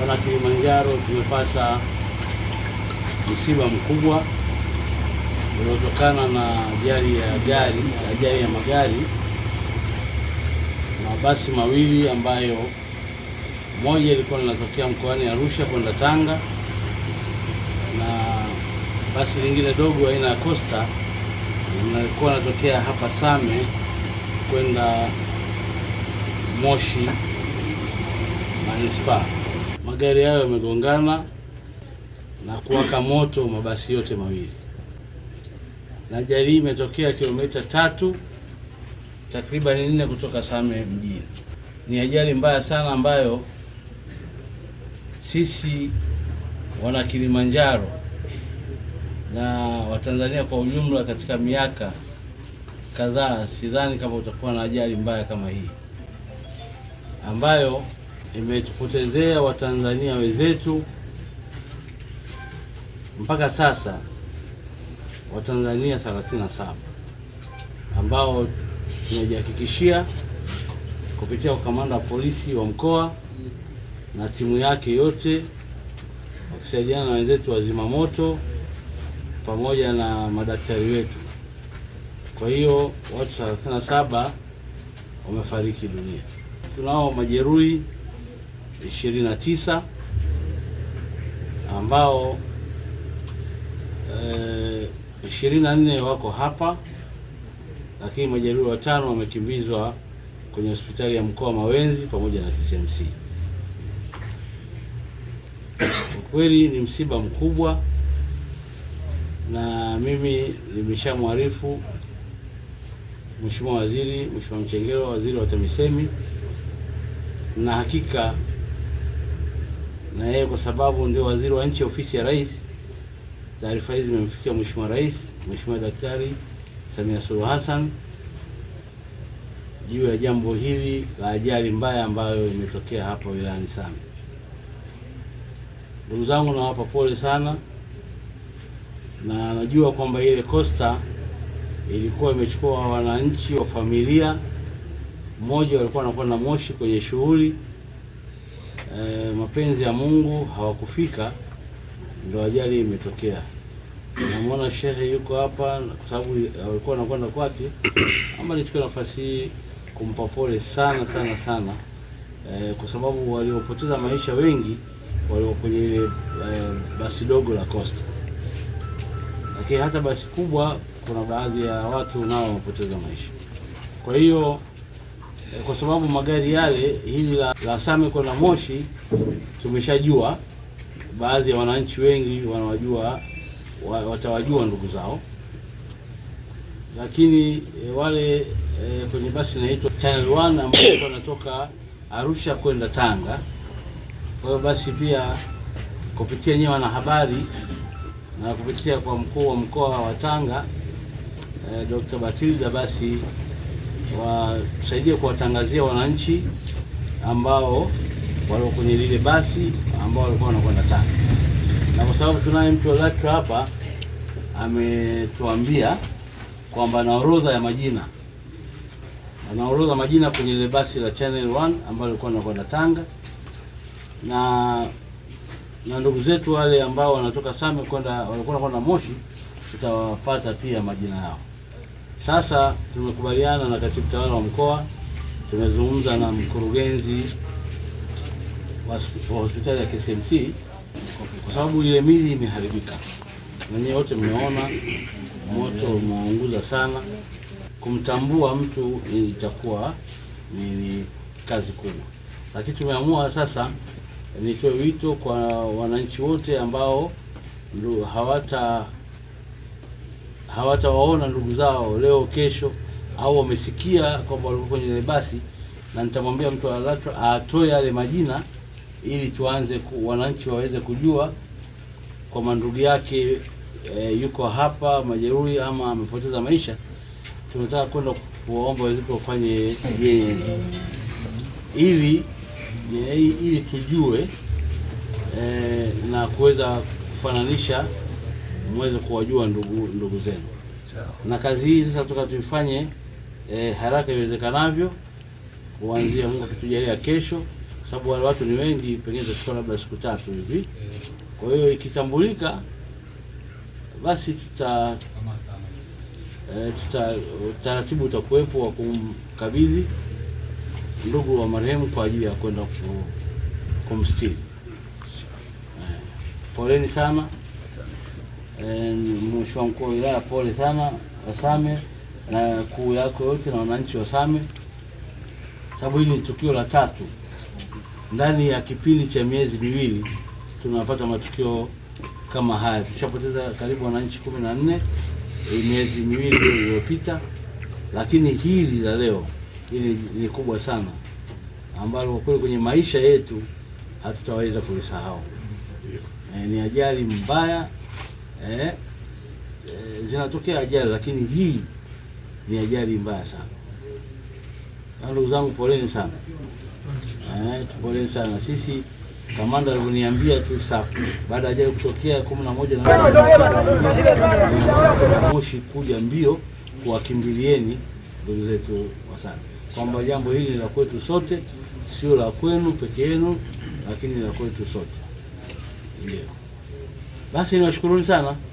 Wana Kilimanjaro tumepata msiba mkubwa uliotokana na ajali ya gari, ajali ya magari, mabasi mawili ambayo moja ilikuwa linatokea mkoani Arusha kwenda Tanga na basi lingine dogo aina ya Costa linalikuwa linatokea hapa Same kwenda Moshi manispaa magari hayo yamegongana na kuwaka moto mabasi yote mawili, na ajali hii imetokea kilomita tatu takriban nne kutoka Same mjini. Ni ajali mbaya sana ambayo sisi wana Kilimanjaro na Watanzania kwa ujumla katika miaka kadhaa, sidhani kama utakuwa na ajali mbaya kama hii ambayo imetupotezea Watanzania wenzetu. Mpaka sasa Watanzania 37 ambao tumejihakikishia kupitia kwa kamanda wa polisi wa mkoa na timu yake yote wakisaidiana na wenzetu wa zimamoto pamoja na madaktari wetu. Kwa hiyo watu 37 wamefariki dunia. Tunao majeruhi 29 ambao eh, na 24 wako hapa, lakini majeruhi watano wamekimbizwa kwenye hospitali ya mkoa Mawenzi pamoja na KCMC. Kweli ni msiba mkubwa, na mimi nimeshamwarifu Mheshimiwa Waziri, Mheshimiwa Mchengerwa, waziri wa TAMISEMI, na hakika na yeye kwa sababu ndio waziri wa nchi ofisi ya rais. Taarifa hizi zimemfikia Mheshimiwa Rais, Mheshimiwa Daktari Samia Suluhu Hassan juu ya jambo hili la ajali mbaya ambayo imetokea hapa wilayani Same. Ndugu zangu, nawapa pole sana, na najua kwamba ile kosta ilikuwa imechukua wananchi wa familia mmoja, walikuwa wanakuwa na moshi kwenye shughuli e, mapenzi ya Mungu hawakufika, ndio ajali imetokea. Namwona shehe yuko hapa kwa sababu alikuwa anakwenda kwake. Ama nichukue nafasi hii kumpa pole sana sana sana e, kwa sababu waliopoteza maisha wengi walio kwenye ile eh, basi dogo la Costa, lakini hata basi kubwa kuna baadhi ya watu nao wamepoteza maisha. Kwa hiyo Eh, kwa sababu magari yale, hili la, la Sameko na Moshi tumeshajua, baadhi ya wananchi wengi wanawajua, watawajua ndugu zao, lakini e, wale e, kwenye basi inaitwa Channel 1 ambayo wanatoka Arusha kwenda Tanga. Kwa hiyo basi pia kupitia nyewe wanahabari na kupitia kwa mkuu wa mkoa wa Tanga e, Dr. Batilda basi wasaidie kuwatangazia wananchi ambao walikuwa kwenye lile basi ambao walikuwa wanakwenda Tanga, na kwa sababu tunaye mtu wa LATRA hapa ametuambia kwamba na orodha ya majina na orodha majina kwenye lile basi la Channel 1 ambao walikuwa wanakwenda Tanga na na ndugu zetu wale ambao wanatoka Same kwenda walikuwa wanakwenda Moshi, tutawapata pia majina yao. Sasa tumekubaliana na katibu tawala wa mkoa, tumezungumza na mkurugenzi wa hospitali ya KCMC kwa sababu ile mili imeharibika, nanyewe wote mmeona moto umeunguza sana. Kumtambua mtu itakuwa ni kazi kubwa, lakini tumeamua sasa nitoe wito kwa wananchi wote ambao hawata hawatawaona ndugu zao leo kesho, au wamesikia kwamba walikuwa kwenye basi, na nitamwambia mtu wa LATRA atoe yale majina ili tuanze ku, wananchi waweze kujua kwamba ndugu yake e, yuko hapa majeruhi ama amepoteza maisha. Tunataka kwenda kuwaomba waweze wafanye yeye ili ili tujue e, na kuweza kufananisha mweze kuwajua ndugu ndugu zenu, na kazi hii sasa tutaka tuifanye eh, haraka iwezekanavyo kuanzia Mungu akitujalia kesho, kwa sababu wale watu ni wengi, pengine tutachukua labda siku tatu hivi. Eh. Kwa hiyo ikitambulika, basi tuta eh, tuta utaratibu utakuwepo wa kumkabidhi ndugu wa marehemu kwa ajili ya kwenda kumstiri. Eh, poleni sana e, mheshimiwa mkuu wa wilaya, pole sana Wasame na kuu yako yote na wananchi wa Same, sababu hili ni tukio la tatu ndani ya kipindi cha miezi miwili tunapata matukio kama haya. Tushapoteza karibu wananchi kumi na nne eh, miezi miwili iliyopita, lakini hili la leo hili ni kubwa sana, ambalo kwa kweli kwenye maisha yetu hatutaweza kulisahau. E, ni ajali mbaya eh, eh, zinatokea ajali, lakini hii ni ajali mbaya sana. Ah, ndugu zangu, poleni sana eh, poleni sana sisi Kamanda alivyoniambia tu saa baada ya ajali kutokea kumi na moja na moshi kuja mbio kuwakimbilieni ndugu zetu Wasani, kwamba jambo hili ni la kwetu sote, sio la kwenu peke yenu, lakini la kwetu sote ndio. Basi niwashukuruni sana.